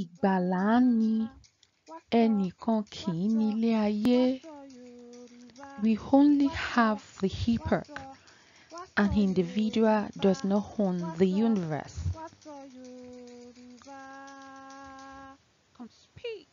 Ìgbàlà ni, ẹnìkan kì ayé. We only have the epoch. An individual does not own the universe. Come speak.